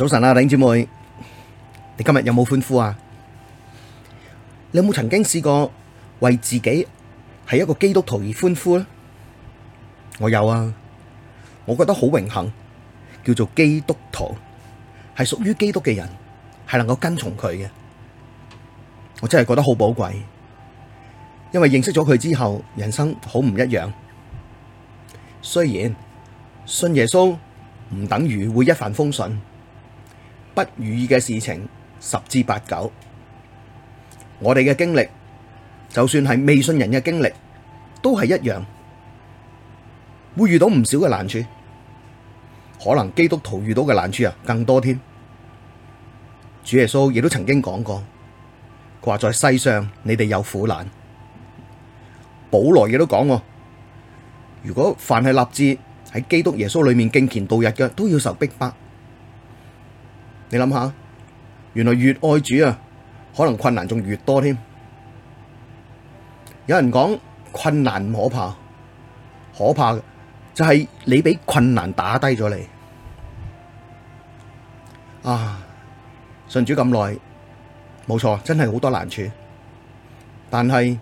早晨啦，弟兄姊妹，你今日有冇歡呼啊？你有冇曾經試過為自己係一個基督徒而歡呼呢？我有啊，我覺得好榮幸，叫做基督徒係屬於基督嘅人，係能夠跟從佢嘅。我真係覺得好寶貴，因為認識咗佢之後，人生好唔一樣。雖然信耶穌唔等於會一帆風順。不如意嘅事情十之八九，我哋嘅經歷，就算係未信人嘅經歷，都係一樣，會遇到唔少嘅難處，可能基督徒遇到嘅難處啊，更多添。主耶穌亦都曾經講過，佢話在世上你哋有苦難。保羅亦都講過，如果凡係立志喺基督耶穌裏面敬虔度日嘅，都要受逼迫。你諗下，原來越愛主啊，可能困難仲越多添。有人講困難唔可怕，可怕嘅就係你俾困難打低咗你啊！信主咁耐，冇錯，真係好多難處，但係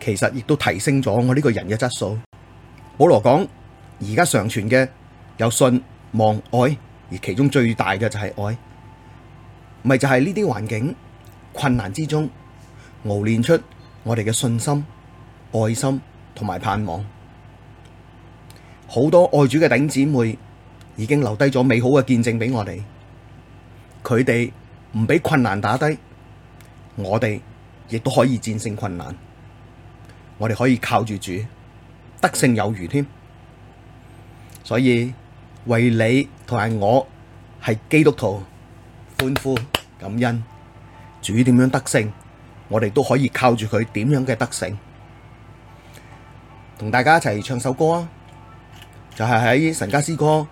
其實亦都提升咗我呢個人嘅質素。保羅講而家常傳嘅有信望愛。而其中最大嘅就係愛，咪就係呢啲環境困難之中，熬練出我哋嘅信心、愛心同埋盼望。好多愛主嘅頂姊妹已經留低咗美好嘅見證俾我哋，佢哋唔俾困難打低，我哋亦都可以戰勝困難。我哋可以靠住主，得勝有餘添。所以為你。同埋我係基督徒，歡呼感恩，主點樣得勝，我哋都可以靠住佢點樣嘅得勝，同大家一齊唱首歌啊！就係喺《神家詩歌》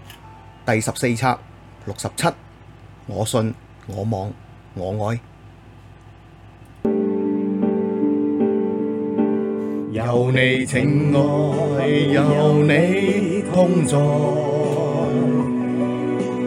第十四冊六十七，我信我望我愛，有祢情愛，有祢同在。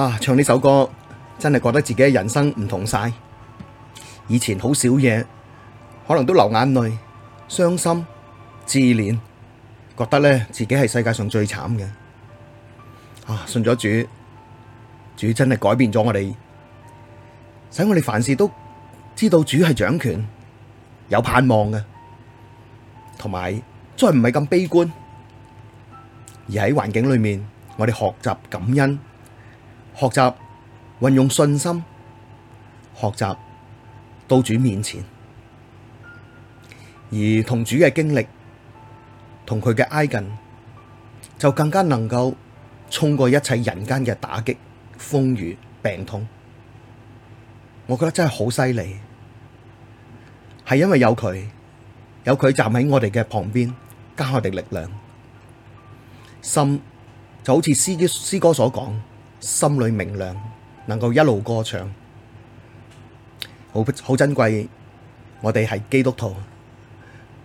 啊！唱呢首歌真係覺得自己嘅人生唔同晒，以前好少嘢，可能都流眼淚、傷心、自憐，覺得咧自己係世界上最慘嘅。啊！信咗主，主真係改變咗我哋，使我哋凡事都知道主係掌權，有盼望嘅，同埋再唔係咁悲觀，而喺環境裏面，我哋學習感恩。學習運用信心，學習到主面前，而同主嘅經歷，同佢嘅挨近，就更加能夠衝過一切人間嘅打擊、風雨、病痛。我覺得真係好犀利，係因為有佢，有佢站喺我哋嘅旁邊，加我哋力量，心就好似詩歌所講。心裏明亮，能夠一路歌唱，好好珍貴。我哋係基督徒，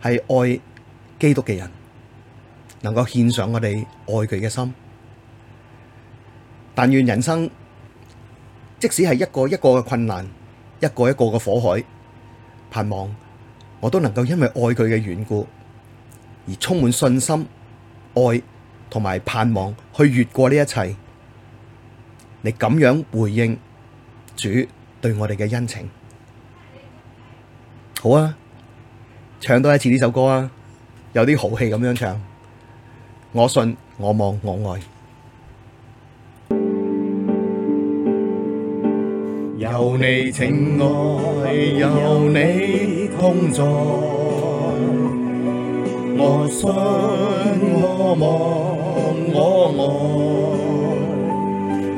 係愛基督嘅人，能夠獻上我哋愛佢嘅心。但願人生，即使係一個一個嘅困難，一個一個嘅火海，盼望我都能夠因為愛佢嘅緣故，而充滿信心、愛同埋盼望去越過呢一切。你咁樣回應主對我哋嘅恩情，好啊！唱多一次呢首歌啊，有啲豪氣咁樣唱。我信，我望，我愛。有你情愛，有你同在，我信，我望，我愛。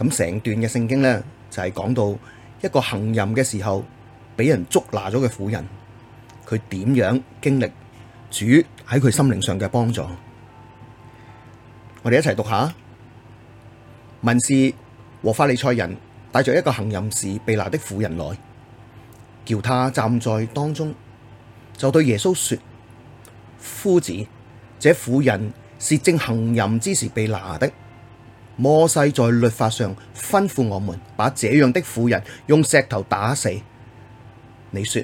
咁成段嘅聖經呢，就係、是、講到一個行淫嘅時候，俾人捉拿咗嘅婦人，佢點樣經歷主喺佢心靈上嘅幫助？我哋一齊讀一下。文士和法利賽人帶着一個行淫時被拿的婦人來，叫他站在當中，就對耶穌說：夫子，這婦人是正行淫之時被拿的。摩西在律法上吩咐我們，把這樣的婦人用石頭打死。你說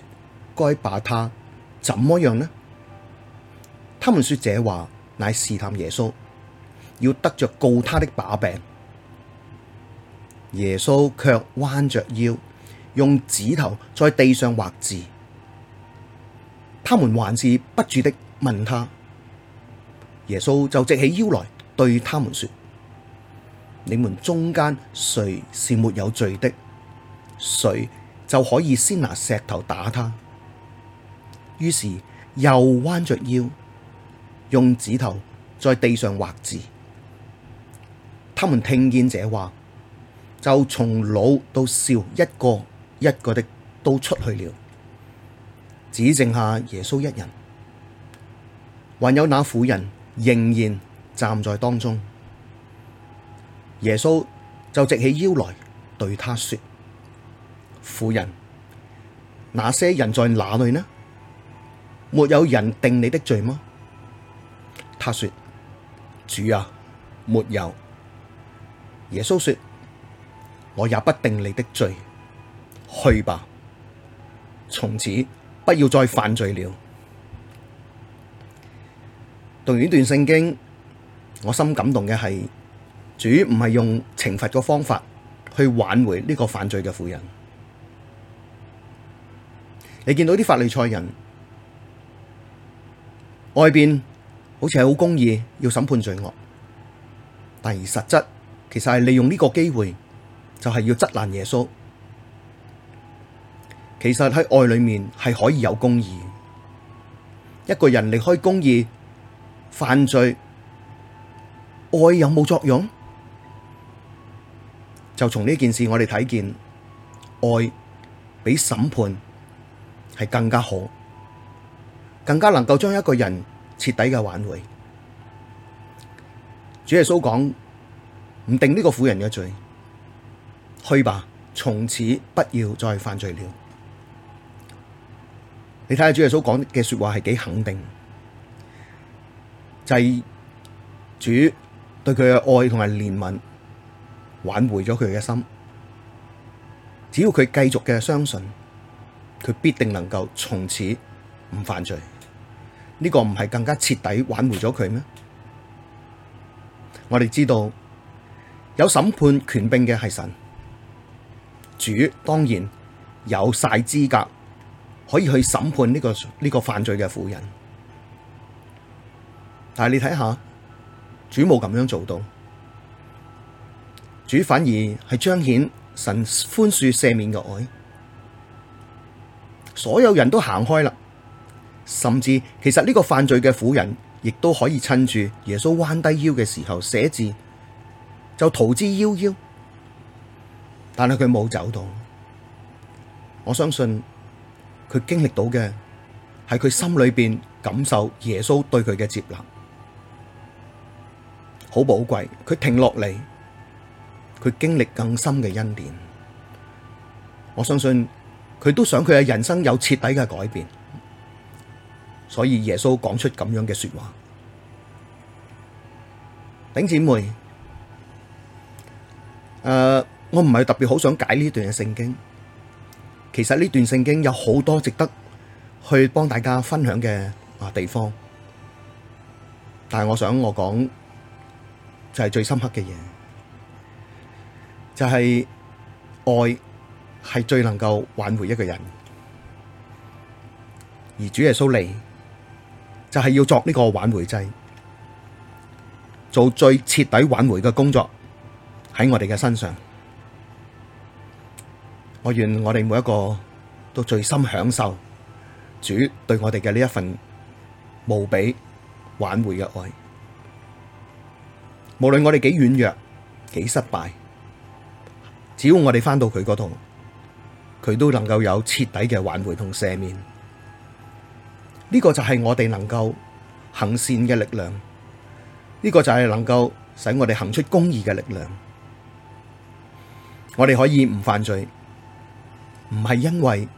該把她怎麼樣呢？他們說這話，乃試探耶穌，要得着告他的把柄。耶穌卻彎着腰用指頭在地上畫字。他們還是不住的問他，耶穌就直起腰來，對他們說。你們中間誰是沒有罪的，誰就可以先拿石頭打她。於是又彎着腰，用指頭在地上畫字。他們聽見這話，就從老到少一個一個的都出去了，只剩下耶穌一人，還有那婦人仍然站在當中。耶穌就直起腰來，對他說：婦人，那些人在哪裏呢？沒有人定你的罪嗎？他說：主啊，沒有。耶穌說：我也不定你的罪，去吧，從此不要再犯罪了。讀完呢段聖經，我深感動嘅係。主唔係用懲罰嘅方法去挽回呢個犯罪嘅婦人。你見到啲法利賽人，外邊好似係好公義，要審判罪惡，但而實質其實係利用呢個機會就係要質難耶穌。其實喺愛裏面係可以有公義，一個人離開公義，犯罪，愛有冇作用？就從呢件事我，我哋睇見愛比審判係更加好，更加能夠將一個人徹底嘅挽回。主耶穌講唔定呢個婦人嘅罪，去吧，從此不要再犯罪了。你睇下主耶穌講嘅說話係幾肯定，就係、是、主對佢嘅愛同埋憐憫。挽回咗佢嘅心，只要佢繼續嘅相信，佢必定能夠從此唔犯罪。呢個唔係更加徹底挽回咗佢咩？我哋知道有審判權柄嘅係神，主當然有晒資格可以去審判呢個呢個犯罪嘅婦人。但係你睇下，主冇咁樣做到。主反而係彰顯神寬恕赦免嘅愛，所有人都行開啦，甚至其實呢個犯罪嘅婦人，亦都可以趁住耶穌彎低腰嘅時候寫字，就逃之夭夭。但係佢冇走到。我相信佢經歷到嘅係佢心裏邊感受耶穌對佢嘅接納，好寶貴。佢停落嚟。佢經歷更深嘅恩典，我相信佢都想佢嘅人生有徹底嘅改變，所以耶穌講出咁樣嘅說話。丁姐妹，誒，我唔係特別好想解呢段嘅聖經，其實呢段聖經有好多值得去幫大家分享嘅啊地方，但係我想我講就係最深刻嘅嘢。就係愛係最能夠挽回一個人，而主耶穌嚟，就係要作呢個挽回劑，做最徹底挽回嘅工作喺我哋嘅身上。我願我哋每一個都最深享受主對我哋嘅呢一份無比挽回嘅愛，無論我哋幾軟弱，幾失敗。只要我哋返到佢嗰度，佢都能夠有徹底嘅挽回同赦免。呢個就係我哋能夠行善嘅力量，呢個就係能夠使我哋行出公義嘅力量。我哋可以唔犯罪，唔係因為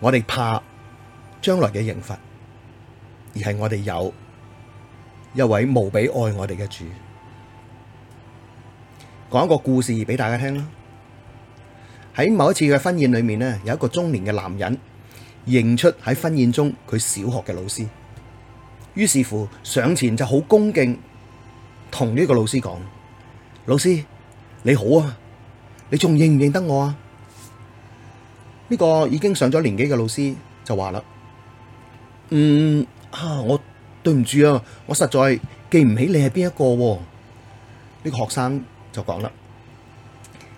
我哋怕將來嘅刑罰，而係我哋有一位無比愛我哋嘅主。講一個故事俾大家聽啦。喺某一次嘅婚宴裏面咧，有一個中年嘅男人認出喺婚宴中佢小學嘅老師，於是乎上前就好恭敬同呢個老師講：「老師你好啊，你仲認唔認得我啊？」呢個已經上咗年紀嘅老師就話啦：「嗯啊，我對唔住啊，我實在記唔起你係邊一個喎。」呢個學生。就講啦，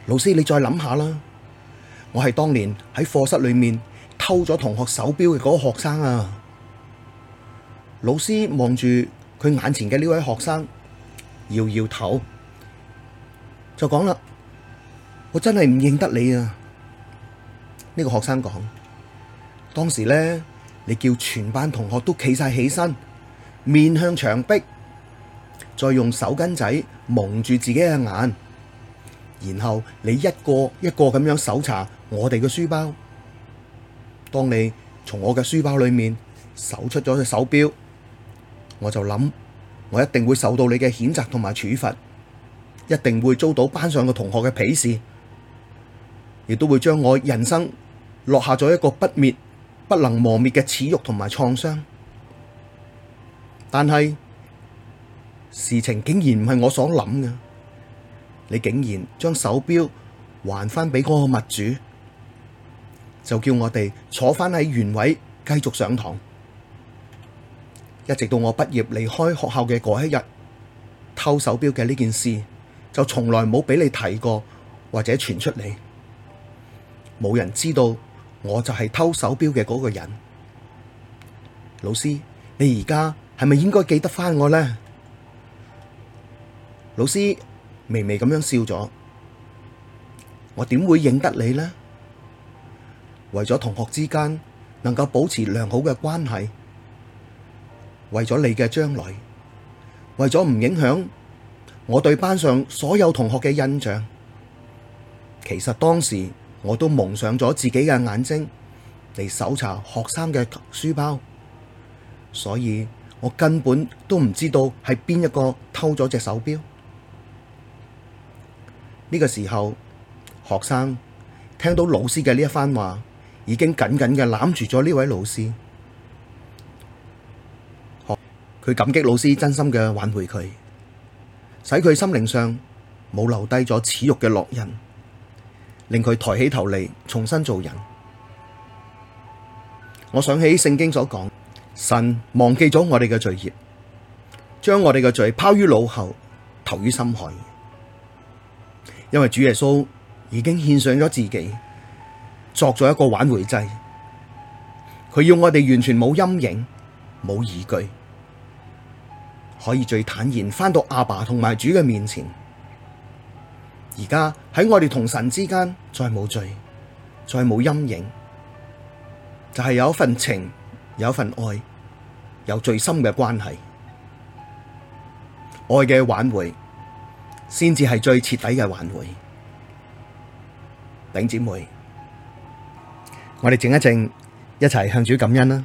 老師你再諗下啦，我係當年喺課室裏面偷咗同學手錶嘅嗰個學生啊！老師望住佢眼前嘅呢位學生，搖搖頭，就講啦，我真係唔認得你啊！呢個學生講，當時咧，你叫全班同學都企晒起身，面向牆壁。再用手巾仔蒙住自己嘅眼，然後你一個一個咁樣搜查我哋嘅書包。當你從我嘅書包裏面搜出咗隻手錶，我就諗，我一定會受到你嘅譴責同埋處罰，一定會遭到班上嘅同學嘅鄙視，亦都會將我人生落下咗一個不滅、不能磨滅嘅恥辱同埋創傷。但係。事情竟然唔係我所諗嘅，你竟然將手錶還返俾嗰個物主，就叫我哋坐返喺原位繼續上堂，一直到我畢業離開學校嘅嗰一日，偷手錶嘅呢件事就從來冇俾你提過或者傳出嚟，冇人知道我就係偷手錶嘅嗰個人。老師，你而家係咪應該記得翻我呢？老師微微咁樣笑咗，我點會認得你呢？為咗同學之間能夠保持良好嘅關係，為咗你嘅將來，為咗唔影響我對班上所有同學嘅印象，其實當時我都蒙上咗自己嘅眼睛嚟搜查學生嘅書包，所以我根本都唔知道係邊一個偷咗隻手錶。呢個時候，學生聽到老師嘅呢一番話，已經緊緊嘅攬住咗呢位老師，佢感激老師真心嘅挽回佢，使佢心靈上冇留低咗恥辱嘅烙印，令佢抬起頭嚟重新做人。我想起聖經所講，神忘記咗我哋嘅罪孽，將我哋嘅罪拋於腦後，投於深海。因為主耶穌已經獻上咗自己，作咗一個挽回祭，佢要我哋完全冇陰影、冇疑懼，可以最坦然返到阿爸同埋主嘅面前。而家喺我哋同神之間，再冇罪，再冇陰影，就係有一份情，有一份愛，有最深嘅關係，愛嘅挽回。先至係最徹底嘅挽回，丁姊妹，我哋靜一靜，一齊向主感恩啦。